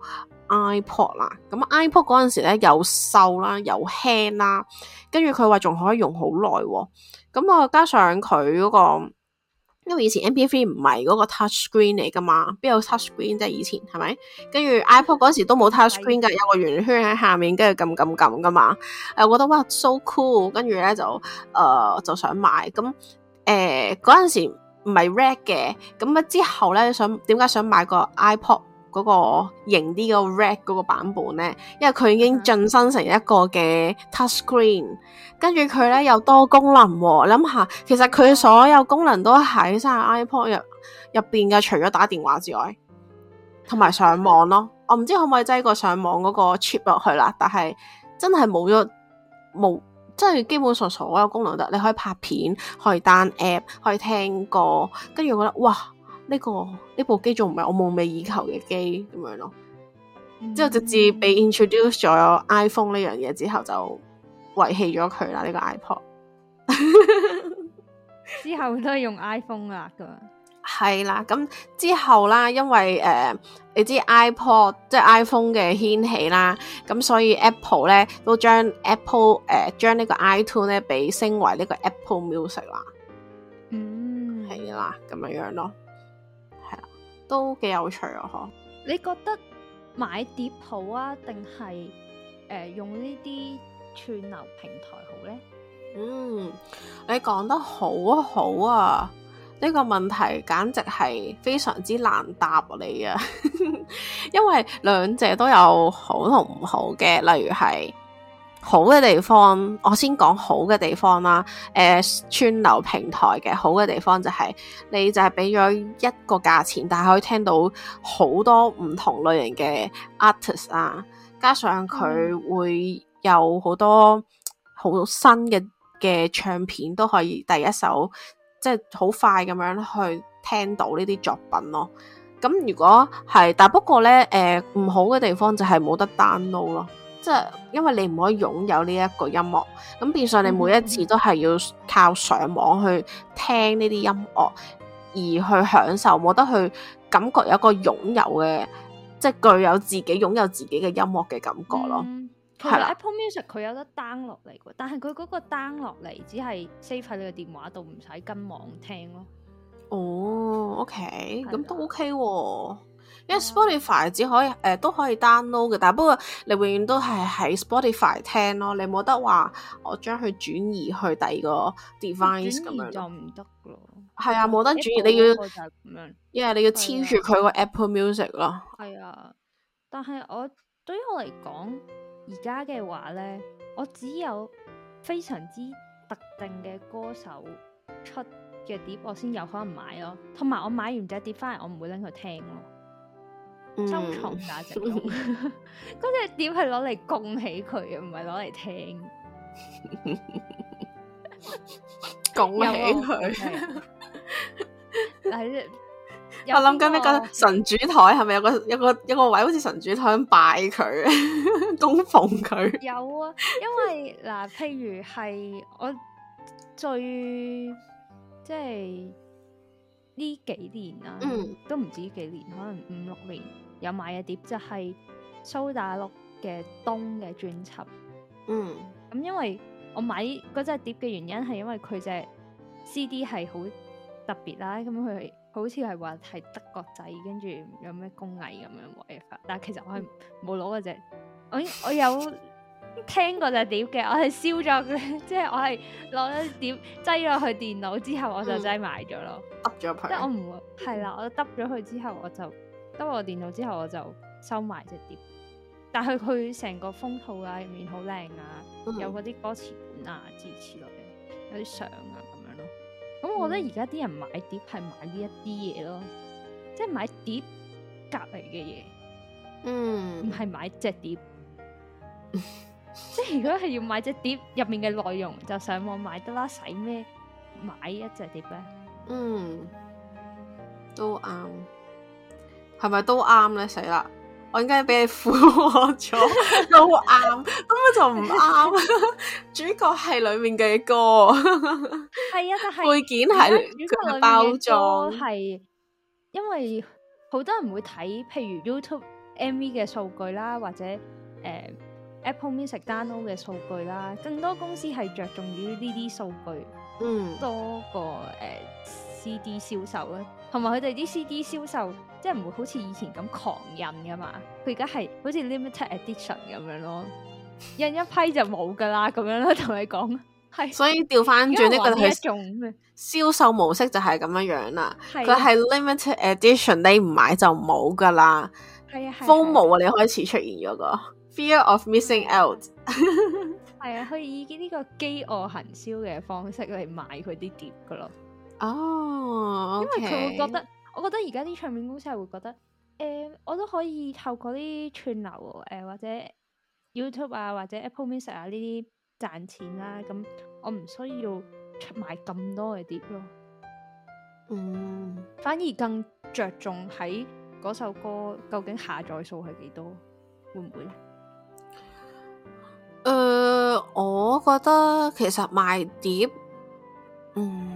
iPod 啦，咁 iPod 陣陣時咧又瘦啦又輕啦，跟住佢話仲可以用好耐喎，咁我加上佢嗰個。因為以前 MP3 唔係嗰個 touchscreen 嚟㗎嘛，邊有 touchscreen 啫？以前係咪？跟住 iPod 嗰時都冇 touchscreen 㗎，有個圓圈喺下面，跟住撳撳撳㗎嘛。誒、呃，我覺得哇，so cool！跟住咧就誒、呃、就想買。咁誒嗰陣時唔係 red 嘅，咁啊之後咧想點解想買個 iPod？嗰個型啲個 red 嗰個版本咧，因為佢已經晉身成一個嘅 touchscreen，跟住佢咧有多功能、哦，諗下其實佢所有功能都喺晒 iPod 入入邊嘅，除咗打電話之外，同埋上網咯。我唔知可唔可以擠個上網嗰個 chip 落去啦，但係真係冇咗冇，即係基本上所有功能得，你可以拍片，可以 down app，可以聽歌，跟住我覺得哇～呢、這個呢部機仲唔係我夢寐以求嘅機咁樣咯，之後、嗯、直至被 introduce 咗 iPhone 呢樣嘢之後就遺棄咗佢啦。呢、這個 iPod [laughs] 之後都係用 iPhone 啦，咁係啦。咁之後啦，因為誒、呃、你知 iPod 即係 iPhone 嘅掀起啦，咁所以 Apple 咧都將 Apple 誒、呃、將呢個 iTune 咧俾升為呢個 Apple Music、嗯、啦。嗯，係啦，咁樣樣咯。都幾有趣啊！嗬，你覺得買碟好啊，定係誒用呢啲串流平台好呢？嗯，你講得好好啊！呢個問題簡直係非常之難答你啊， [laughs] 因為兩者都有好同唔好嘅，例如係，好嘅地方，我先講好嘅地方啦。誒、呃，串流平台嘅好嘅地方就係、是，你就係俾咗一個價錢，但係可以聽到好多唔同類型嘅 artist 啊，加上佢會有好多好新嘅嘅唱片都可以第一首，即係好快咁樣去聽到呢啲作品咯。咁如果係，但不過咧，誒、呃，唔好嘅地方就係冇得 download 咯。即係因為你唔可以擁有呢一個音樂，咁變相你每一次都係要靠上網去聽呢啲音樂，而去享受，冇得去感覺有一個擁有嘅，即係具有自己擁有自己嘅音樂嘅感覺咯。係啦，嗯，Apple Music 佢有得 down 落嚟嘅，但係佢嗰個 down 落嚟只係 save 喺你嘅電話度，唔使跟網聽咯。哦，OK，咁都 OK 喎。因為 Yeah, Spotify 只可以誒 Yeah. 都可以 download 嘅，但不過你永遠都係喺 Spotify 聽咯。你冇得話我將佢轉移去第二個 device 咁就唔得咯，係啊、嗯，冇得轉移。Apple 你要，就咁樣因為你要黐住佢個 Apple Music 咯。係啊，但係我對於我嚟講而家嘅話咧，我只有非常之特定嘅歌手出嘅碟，我先有可能買咯。同埋我買完隻碟翻嚟，我唔會拎佢聽咯。收藏價值，嗰隻 [laughs] 點係攞嚟供起佢嘅，唔係攞嚟聽。 [laughs] 供起佢。 [laughs] 誰我諗緊咩？個神主台係咪有個有個有個位，好似神主台咁拜佢、 [laughs] 供奉佢他？有啊，因為嗱、啊，譬如係我最即係呢幾年啊，嗯，都唔止幾年，可能五六年。有買嘅碟就係、是、蘇打綠嘅冬嘅專輯。嗯、咁、嗯、因為我買嗰隻碟嘅原因係因為佢隻 CD 係、嗯、好特別啦，咁佢好似係話係德國仔，跟住有咩工藝咁樣，位但係其實我係冇攞嘅啫，我、嗯、我有聽過隻碟嘅，我係燒咗佢，即 [laughs] 係我係攞咗碟，擠咗去電腦之後我就擠買咗咯，揼咗佢、嗯。即係我唔係啦，我得咗佢之後我就。得我電腦之後，我就收埋隻碟。但係佢成個封套啊，入面好靚啊，mm hmm. 有嗰啲歌詞本啊之類嘅，有啲相啊咁樣咯。咁我覺得而家啲人買碟係買呢一啲嘢咯，即係買碟隔離嘅嘢。嗯、mm，hmm，唔係買隻碟。 [laughs] 即係如果係要買隻碟入面嘅內容，就上網買得啦。使咩買一隻碟啊？嗯、mm，都啱。係咪都啱咧？死啦！我應該俾你附和咗， [laughs] 都啱，咁樣 [laughs] 就唔啱。 [laughs] [laughs] 主角係裏面嘅歌，係 [laughs] 啊，但係背景係主角嘅包裝係，因為好多人唔會睇，譬如 YouTube MV 嘅數據啦，或者誒、呃、Apple Music Download 嘅數據啦，更多公司係着重於呢啲數據，嗯，多過誒。呃 CD 銷售咧，同埋佢哋啲 CD 銷售，即係唔會好似以前咁狂印噶嘛。佢而家係好似 limited edition 咁樣咯，印一批就冇噶啦，咁 [laughs] 樣咯，同你講係。所以調翻轉呢個佢一種銷售模式就係咁樣樣啦。佢係、啊、limited edition，你唔買就冇噶啦。係啊，風毛、啊、你開始出現咗、那個、啊啊、fear of missing out，係 [laughs] [laughs] 啊，佢以呢個飢餓行銷嘅方式嚟賣佢啲碟噶咯。哦，oh, okay。因為佢會覺得，我覺得而家啲唱片公司係會覺得，誒、呃，我都可以透過啲串流誒、呃、或者 YouTube 啊或者 Apple Music 啊呢啲賺錢啦。咁我唔需要出賣咁多嘅碟咯。嗯，反而更着重喺嗰首歌究竟下載數係幾多，會唔會咧？誒、呃，我覺得其實賣碟，嗯。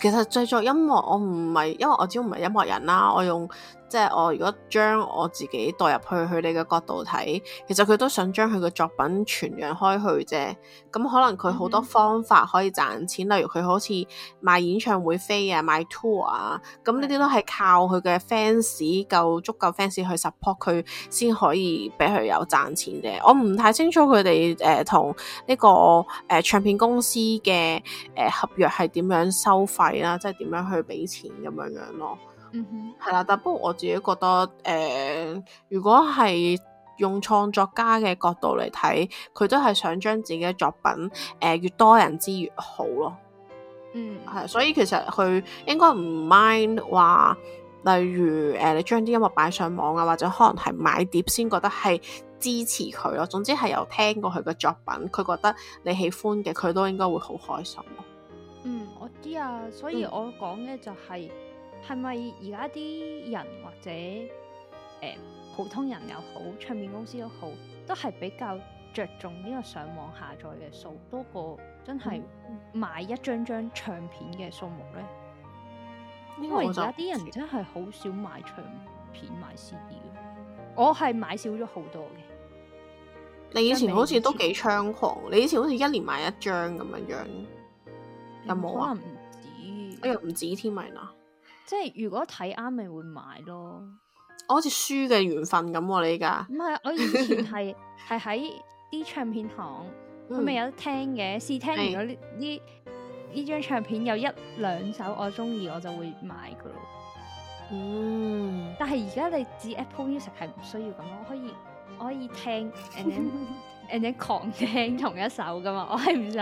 其實製作音樂我唔係，因為我主要唔係音樂人啦，我用。即係我如果將我自己代入去佢哋嘅角度睇，其實佢都想將佢嘅作品傳揚開去啫。咁可能佢好多方法可以賺錢，mm hmm. 例如佢好似賣演唱會飛啊、賣 tour 啊，咁呢啲都係靠佢嘅 fans 夠足夠 fans 去 support 佢，先可以俾佢有賺錢嘅。我唔太清楚佢哋誒同呢個誒、呃、唱片公司嘅誒、呃、合約係點樣收費啦、啊，即係點樣去俾錢咁樣樣咯。嗯哼，係啦，但不過我自己覺得，誒、呃，如果係用創作家嘅角度嚟睇，佢都係想將自己嘅作品，誒、呃，越多人知越好咯。嗯，係，所以其實佢應該唔 mind 話，例如，誒、呃，你將啲音樂擺上網啊，或者可能係買碟先覺得係支持佢咯。總之係有聽過佢嘅作品，佢覺得你喜歡嘅，佢都應該會好開心咯。嗯，我知啊，所以、嗯、我講嘅就係、是。係咪而家啲人或者誒、呃、普通人又好，唱片公司都好，都係比較着重呢個上網下載嘅數多過真係買一張張唱片嘅數目咧？嗯、因為而家啲人真係好少買唱片買 CD，我係買少咗好多嘅。你以前好似都幾猖狂，嗯、你以前好似一年買一張咁樣樣，有冇可能唔止，我又唔止添咪啦～是即係如果睇啱咪會買咯。我好似書嘅緣分咁喎、啊，你依家唔係，我以前係係喺啲唱片行，佢咪 [laughs] 有得聽嘅試、嗯、聽，如果呢呢呢張唱片有一兩首我中意，我就會買噶咯。嗯，但係而家你知 Apple Music 係唔需要咁咯，我可以我可以聽。 [laughs] And 一陣狂聽同一首噶嘛，我係唔使，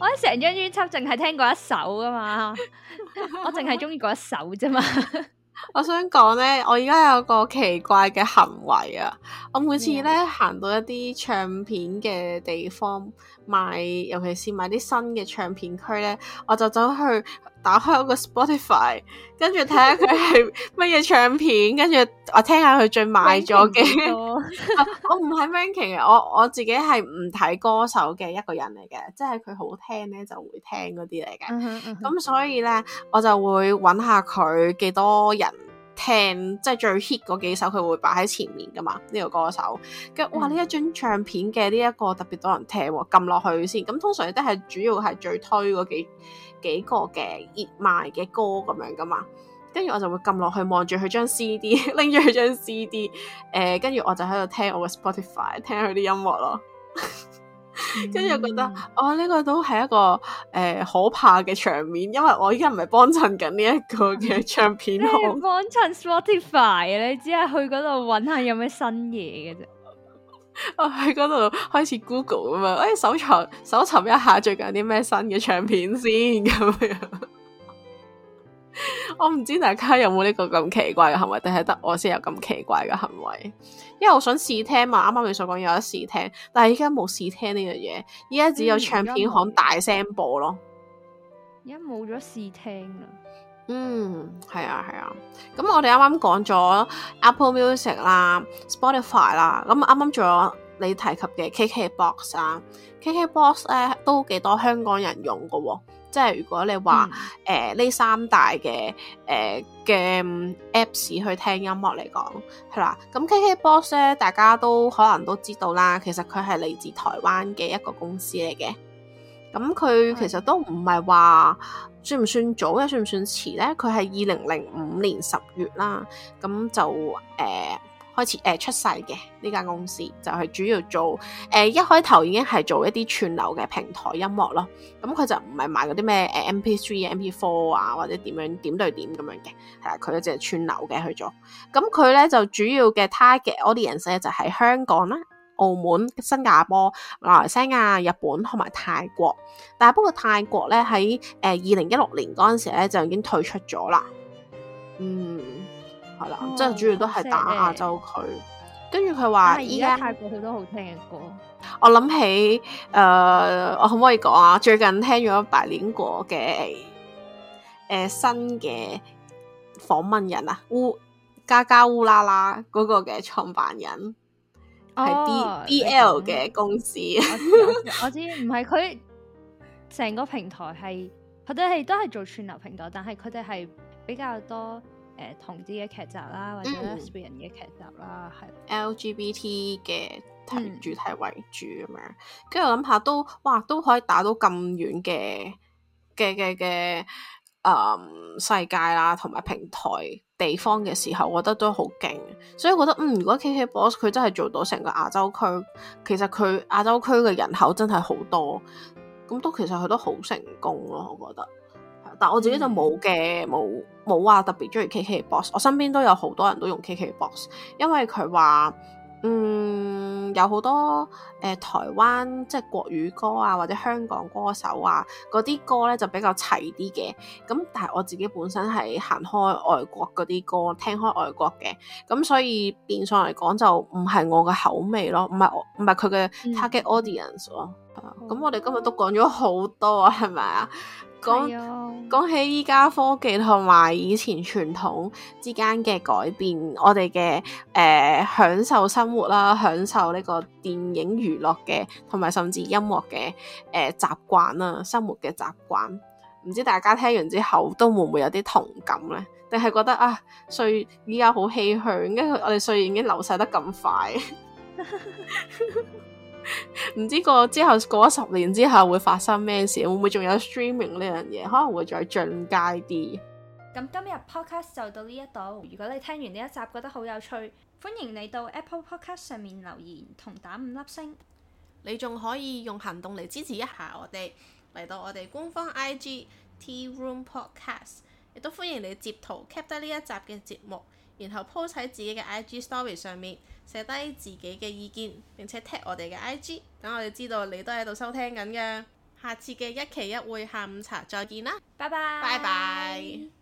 我喺成張專輯淨係聽過一首噶嘛，我淨係中意嗰一首啫嘛。我想講咧，我而家有個奇怪嘅行為啊！我每次咧行到一啲唱片嘅地方買，尤其是買啲新嘅唱片區咧，我就走去。打開我個 Spotify，跟住睇下佢係乜嘢唱片，跟住我聽下佢最賣咗嘅。 [music] [laughs] 我唔係 funky 嘅，我我自己係唔睇歌手嘅一個人嚟嘅，即係佢好聽咧就會聽嗰啲嚟嘅。咁 [music] 所以咧我就會揾下佢幾多人聽，即係最 hit 嗰幾首佢會擺喺前面噶嘛呢個歌手。跟住哇呢 [music] 一張唱片嘅呢一個特別多人聽喎，撳落去先。咁通常都係主要係最推嗰幾。幾個嘅熱賣嘅歌咁樣㗎嘛，跟住我就會撳落去望住佢張 CD，拎住佢張 CD，誒、呃，跟住我就喺度聽我嘅 Spotify，聽佢啲音樂咯。跟 [laughs] 住我覺得，哦，呢、這個都係一個誒可、呃、怕嘅場面，因為我依家唔係幫襯緊呢一個嘅唱片行，幫襯 [laughs] Spotify 啊，你只係去嗰度揾下有咩新嘢嘅啫。我喺嗰度開始 Google 咁樣，誒、哎，搜查，搜尋一下最近有啲咩新嘅唱片先咁樣。 [laughs] 我唔知大家有冇呢個咁奇怪嘅行為，定係得我先有咁奇怪嘅行為？因為我想試聽嘛，啱啱你所講有得試聽，但係而家冇試聽呢樣嘢，而家只有唱片行大聲播咯。而家冇咗試聽啦。嗯，係啊，係啊。咁我哋啱啱講咗 Apple Music 啦、Spotify 啦，咁啱啱仲有你提及嘅 KKBox 啊。KKBox 咧都幾多香港人用㗎喎，哦，即係如果你話誒呢三大嘅誒嘅、呃、Apps 去聽音樂嚟講係啦。咁、啊、KKBox 咧，大家都可能都知道啦，其實佢係嚟自台灣嘅一個公司嚟嘅。咁佢其實都唔係話算唔算早咧，算唔算遲咧？佢係二零零五年十月啦，咁就誒、呃、開始誒、呃、出世嘅呢間公司，就係、是、主要做誒、呃、一開頭已經係做一啲串流嘅平台音樂咯。咁佢就唔係賣嗰啲咩 MP3、MP4 啊，或者點樣點對點咁樣嘅，係啊，佢一隻串流嘅去做。咁佢咧就主要嘅 target audience 就喺香港啦。澳門、新加坡、馬來西亞、日本同埋泰國，但係不過泰國咧喺誒二零一六年嗰陣時咧就已經退出咗啦。嗯，係啦、哦，即係主要都係打亞洲區。跟住佢話而家泰國好多好聽嘅歌。我諗起誒、呃，我可唔可以講啊？最近聽咗白蓮果嘅誒新嘅訪問人啊，烏加加烏啦啦嗰個嘅創辦人。係 B B L 嘅公司，嗯、 [laughs] 我知唔係佢成個平台係佢哋係都係做串流平台，但係佢哋係比較多誒、呃、同啲嘅劇集啦，或者 Asian 嘅劇集啦，係 LGBT 嘅題主題為主咁樣、嗯。跟住諗下都哇，都可以打到咁遠嘅嘅嘅嘅誒世界啦，同埋平台。地方嘅時候，我覺得都好勁，所以我覺得嗯，如果 KKBOX 佢真係做到成個亞洲區，其實佢亞洲區嘅人口真係好多，咁都其實佢都好成功咯，我覺得。但我自己就冇嘅，冇冇話特別鍾意 KKBOX。我身邊都有好多人都用 KKBOX，因為佢話。嗯，有好多誒、呃、台灣即係國語歌啊，或者香港歌手啊，嗰啲歌咧就比較齊啲嘅。咁但係我自己本身係行開外國嗰啲歌，聽開外國嘅。咁所以變相嚟講就唔係我嘅口味咯，唔係我唔係佢嘅 target audience 咯。咁、嗯嗯、我哋今日都講咗好多，啊，係咪啊？講，講起依家科技同埋以前傳統之間嘅改變，我哋嘅誒享受生活啦，享受呢個電影娛樂嘅，同埋甚至音樂嘅誒習慣啦，生活嘅習慣，唔知大家聽完之後都會唔會有啲同感咧？定係覺得啊，歲依家好唏噓，因為我哋歲已經流逝得咁快。 [laughs] 唔知過之後過咗十年之後會發生咩事，會唔會仲有 streaming 呢樣嘢？可能會再進階啲。咁今日 podcast 就到呢一度。如果你聽完呢一集覺得好有趣，歡迎你到 Apple Podcast 上面留言同打五粒星。你仲可以用行動嚟支持一下我哋，嚟到我哋官方 IG Tea Room Podcast，亦都歡迎你截圖 Keep 得呢一集嘅節目，然後 post 喺自己嘅 IG Story 上面。寫低自己嘅意見，並且 tag 我哋嘅 IG，等我哋知道你都喺度收聽緊嘅。下次嘅一期一會下午茶，再見啦，拜拜。拜拜。